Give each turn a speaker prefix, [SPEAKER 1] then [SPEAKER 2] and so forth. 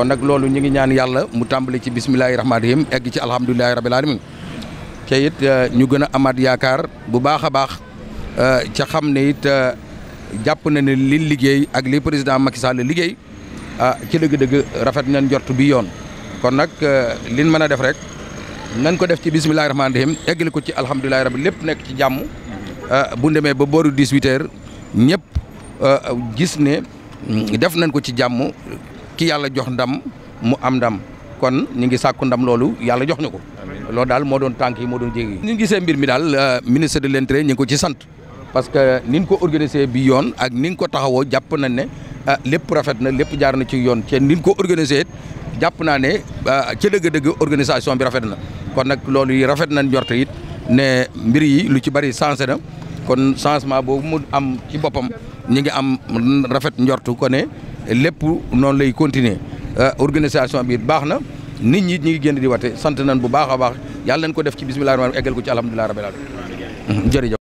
[SPEAKER 1] kon nag loolu ñu ngi ñaan yàlla mu tàmbali ci bisimilahi rahmaani rahim egg ci alhamdulilahi rabil alamin te it euh, ñu gën a amaat yaakaar bu baax a baax euh, ca xam ne it euh, jàpp na ne li liggéey ak li président Macky Sall liggéey ah ci dëgg-dëgg rafet nañ jort bi yoon kon nag liñ mën a def rek nan ko def ci bisimilahi rahmaani rahim eggali ko ci alhamdulilahi rabi lépp nekk ci jàmm bu demee ba booru 18 heures ñëpp gis ne mm, def nañ ko ci jàmm ci yàlla jox ndam mu am ndam kon ñu ngi sàkku ndam loolu yàlla jox ñu ko loolu daal moo doon tànk yi moo doon jéegi ñu gisee mbir mi daal euh, ministre de l'intérieur ñu ngi ko ci sant parce que ni ñu ko organisé bi yoon ak ni ñu ko taxawoo jàpp nañ ne euh, lépp rafet na lépp jaar na ci yoon te ni ñu ko organisé jàpp naa ne euh, ca dëgg-dëgg organisation bi rafet na kon nag loolu yi rafet na njort it ne mbir yi lu ci bari changé na kon changement boobu mu am ci boppam ñu ngi am rafet njortu ko ne lépp noonu lay continue euh, organisation bi baax na nit ñi ñu ngi génn di wate sant nañ bu baax a baax yàlla nañ ko def ci bismillah rahmaan eggal ko ci alhamdulilah rabbil alamin jërëjëf